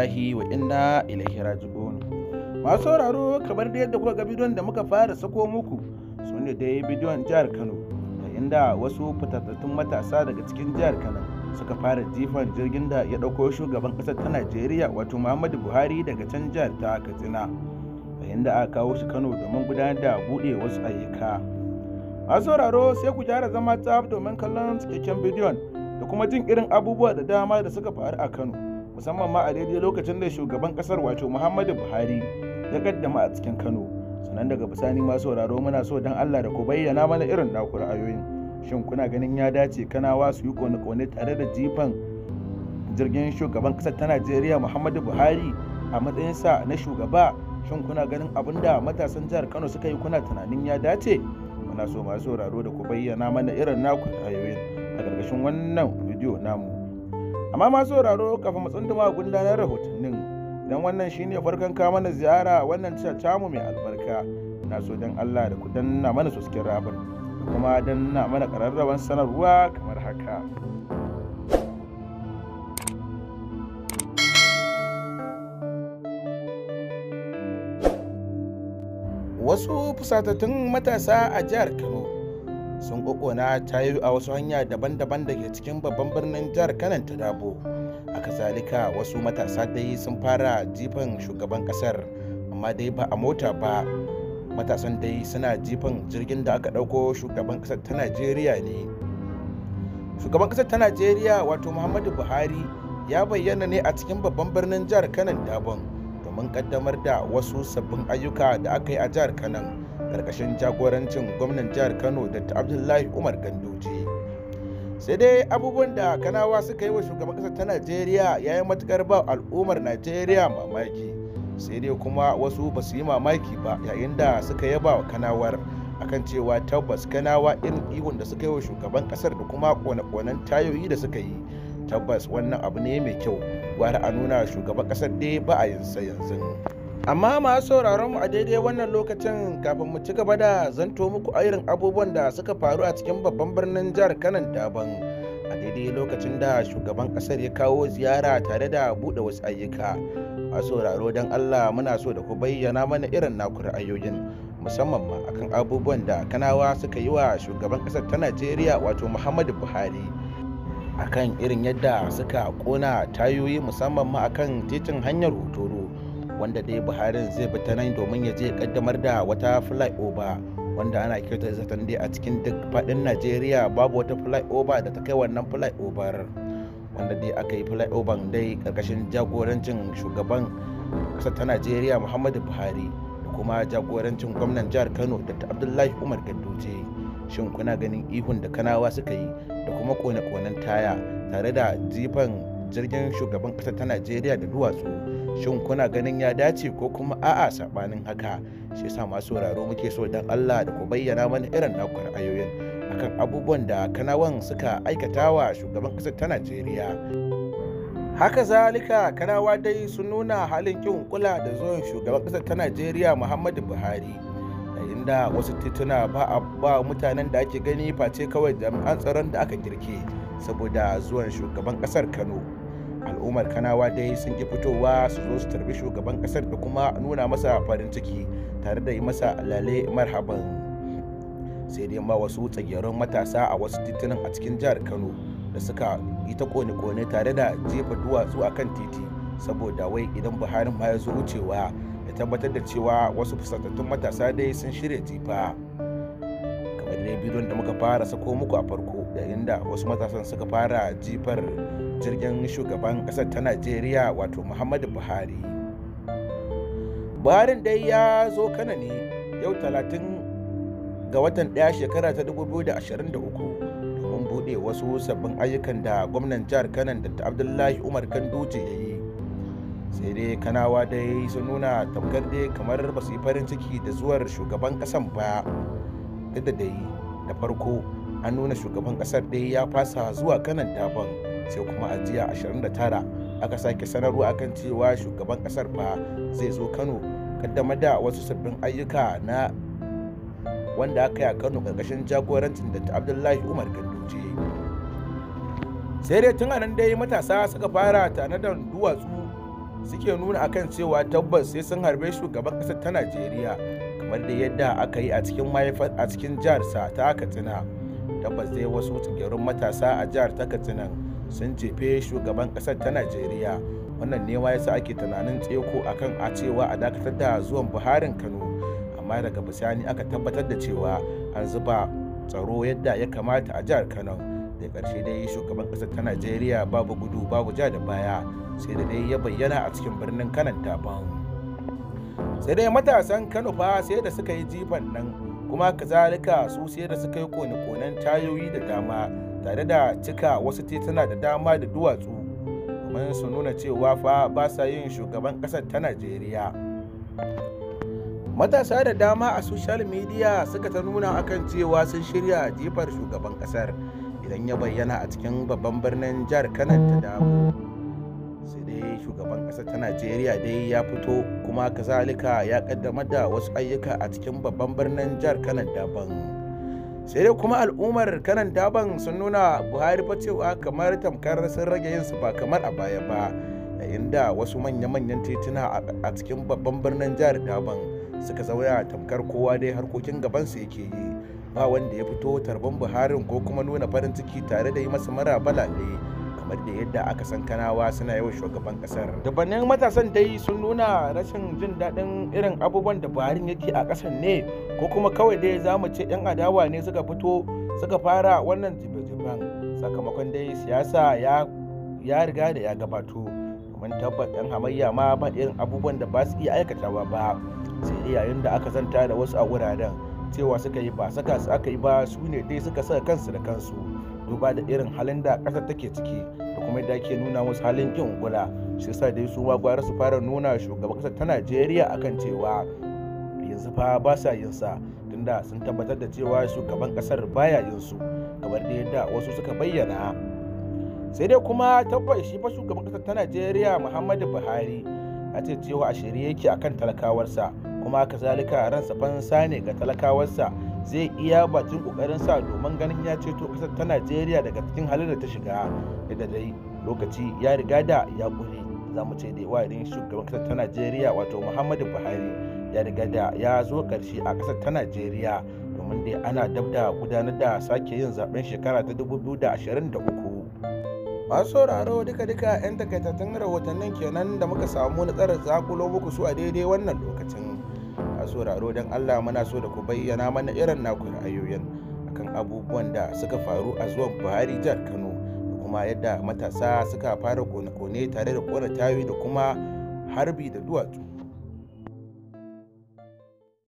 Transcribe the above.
lillahi wa inna ilaihi raji'un masu sauraro kamar da yadda kuka ga bidiyon da muka fara sako muku su ne da yi bidiyon jihar Kano da inda wasu fitattun matasa daga cikin jihar Kano suka fara jifan jirgin da ya ɗauko shugaban kasar ta Najeriya wato Muhammadu Buhari daga can jihar ta Katsina da inda aka kawo shi Kano domin gudanar da buɗe wasu ayyuka masu sauraro sai ku gyara zama tsaf domin kallon cikakken bidiyon da kuma jin irin abubuwa da dama da suka faru a Kano musamman ma a daidai lokacin da shugaban kasar wato muhammadu buhari ya kaddama a cikin kano sannan daga bisani ma sauraro muna so don allah da ku bayyana mana irin naku ra'ayoyin shin kuna ganin ya dace kanawa su yi kone-kone tare da jifan jirgin shugaban kasar ta najeriya muhammadu buhari a matsayinsa na shugaba shin kuna ganin abin da matasan jihar kano suka yi kuna tunanin ya dace muna so masu sauraro da ku bayyana mana irin naku ra'ayoyin a ƙarƙashin wannan bidiyo namu amma masu sauraro kafin matsunduma gudanar rahotannin don wannan shine farkon kawo mana ziyara wannan tamu mai albarka na so don allah da ku danna mana sosken rabar kuma danna mana kararrawan sanarwa kamar haka wasu fusatattun matasa a jihar kano sun kokona yi a wasu hanya daban-daban da ke cikin babban birnin jihar kanan ta dabo a kazalika wasu matasa dai sun fara jifan shugaban kasar amma dai ba a mota ba matasan dai suna jifan jirgin da aka ɗauko shugaban kasar ta najeriya ne shugaban kasar ta najeriya wato muhammadu buhari ya bayyana ne a cikin babban birnin jihar kanan dabon domin kaddamar da wasu sabbin ayyuka da aka yi a jihar kanan ƙarƙashin jagorancin gwamnan jihar kano da ta abdullahi umar gandoji sai dai abubuwan da kanawa suka yi wa shugaban ƙasar ta najeriya ya yi matukar ba al'ummar najeriya mamaki sai dai kuma wasu ba su yi mamaki ba yayin da suka yaba wa kanawar akan cewa tabbas kanawa irin ihun da suka yi wa shugaban ƙasar da kuma kone-konen tayoyi da suka yi tabbas wannan abu ne mai kyau gwara a nuna shugaban ƙasar dai ba a yin sayan yanzu amma masu sauraron mu a daidai wannan lokacin kafin mu ci gaba da zanto muku irin abubuwan da suka faru a cikin babban birnin jihar kanan daban a daidai lokacin da shugaban kasar ya kawo ziyara tare da buɗe wasu ayyuka a sauraro don allah muna so da ku bayyana mana irin naku ra'ayoyin musamman ma akan abubuwan da kanawa suka yi wa shugaban kasar ta najeriya wato muhammadu buhari akan irin yadda suka kona tayoyi musamman ma akan titin hanyar hutoro wanda dai Buhari zai bi ta nan domin ya je kaddamar da wata flyover wanda ana kirta zaton dai a cikin duk faɗin najeriya babu wata flyover da ta kai wannan flyover wanda dai aka yi flyover dai karkashin jagorancin shugaban ƙasar ta najeriya muhammadu buhari da kuma jagorancin gwamnan jihar kano da ta abdullahi umar ganduje shin kuna ganin ihun da kanawa suka yi da kuma kone-konen taya tare da jifan jirgin shugaban kasa ta najeriya da duwatsu shin kuna ganin ya dace ko kuma a'a saɓanin haka shi yasa masu sauraro muke so don allah da ku bayyana mana irin naku ra'ayoyin akan abubuwan da kanawan suka aikata wa shugaban ƙasar ta najeriya haka zalika kanawa dai sun nuna halin kin kula da zuwan shugaban kasar ta najeriya muhammadu buhari yayin da wasu tituna ba a ba mutanen da ake gani face kawai jami'an tsaron da aka kirke saboda zuwan shugaban kasar kano al'ummar kanawa dai sun ki fitowa su zo su tarbi shugaban kasar da kuma nuna masa farin ciki tare da yi masa lale marhaban sai dai ma wasu tsagerun matasa a wasu titunan a cikin jihar kano da suka yi ta kone-kone tare da jefa duwatsu a kan titi saboda wai idan buhari ma ya zo wucewa ya tabbatar da cewa wasu fusatattun matasa dai sun shirya jifa kamar dai bidon da muka fara sako muku a farko da inda wasu matasan suka fara jifar jirgin shugaban kasar ta najeriya wato muhammadu buhari buharin dai ya zo kana ne yau talatin ga watan ɗaya shekara ta 2023 domin buɗe wasu sabbin ayyukan da gwamnan jihar kanan da ta abdullahi umar kanduje ya yi sai dai kanawa dai sun nuna tamkar dai kamar ba su yi farin ciki da zuwar shugaban kasar ba duk da dai da farko an nuna shugaban kasar ɗaya ya fasa zuwa kanan daban sai kuma a jiya 29 aka sake sanarwa kan cewa shugaban kasar fa zai zo kano kaddamar da wasu sabbin ayyuka na wanda aka yi a kano karkashin jagorancin da ta abdullahi umar ganduje sai dai tun anan dai matasa suka fara tanadar duwatsu suke nuna a kan cewa tabbas sai sun harbe shugaban kasar ta najeriya kamar da yadda aka yi a cikin mahaifar a cikin jihar sa ta katsina tabbas dai wasu tsigerun matasa a jihar ta katsinan sun jefe shugaban kasar ta najeriya wannan ne ya sa ake tunanin tseko akan a cewa a dakatar da zuwan buharin kano amma daga bisani aka tabbatar da cewa an zuba tsaro yadda ya kamata a jihar kano da ƙarshe dai shugaban kasar ta najeriya babu gudu babu ja da baya sai da dai ya bayyana a cikin birnin kanan daban sai dai matasan kano fa sai da suka yi jifan nan kuma kazalika su sai da suka yi kone-konen tayoyi da dama tare da cika wasu tituna da dama da duwatsu kuma su nuna cewa fa ba sa yin shugaban kasar ta najeriya matasa da dama a social media suka ta nuna akan cewa sun shirya jifar shugaban kasar idan ya bayyana a cikin babban birnin jihar kanan ta damu. shugaban ƙasa ta najeriya dai ya fito kuma kazalika ya kaddamar da wasu ayyuka a cikin babban birnin jihar kanan daban sai dai kuma al'ummar kanan daban sun nuna buhari fa cewa kamar tamkar sun rage yin su ba kamar a baya ba yayin da wasu manya-manyan tituna a cikin babban birnin jihar daban suka zauya tamkar kowa dai harkokin gaban su yake yi ba wanda ya fito tarban buharin ko kuma nuna farin ciki tare da yi masa mara ne. kamar da yadda aka san kanawa suna yawan shugaban kasar dubannin matasan dai sun nuna rashin jin daɗin irin abubuwan da buhari yake a ƙasar ne ko kuma kawai dai za mu ce 'yan adawa ne suka fito suka fara wannan jibe-jiben sakamakon dai siyasa ya riga da ya gabato mun tabbat 'yan hamayya ma ba irin abubuwan da ba su iya aikatawa ba sai yayin da aka zanta da wasu a wuraren cewa suka yi ba saka su aka yi ba su ne dai suka saka kansu da kansu duba da irin halin da ƙasar take ciki kuma da ke nuna musu halin kin kula shi yasa dai su ma gwara su fara nuna shugaban kasar ta Najeriya akan cewa yanzu fa ba sa yin sa tunda sun tabbatar da cewa shugaban kasar baya yin su kamar da yadda wasu suka bayyana sai dai kuma tabbai shi fa shugaban kasar ta Najeriya Muhammadu Buhari a ce cewa a shirye yake akan talakawarsa kuma kazalika ransa fansa ne ga talakawarsa zai iya bakin sa domin ganin ya ceto kasar ta najeriya daga cikin halin da ta shiga da dai lokaci ya riga da ya ƙure za mu ce da wayarin shugaban kasar ta najeriya wato muhammadu buhari ya riga da ya zo ƙarshe a kasar ta najeriya domin dai ana dab da gudanar da sake yin zaben shekara ta 2023 masu sauraro duka-duka 'yan takaitattun rahotannin kenan da muka samu na tsara zakulo muku su a daidai wannan lokacin sauraro don Allah muna so da ku bayyana mana irin naku ra'ayoyin akan abubuwan da suka faru a zuwan Buhari jihar Kano da kuma yadda matasa suka fara kone-kone tare da kona tayoyi da kuma harbi da duwatsu.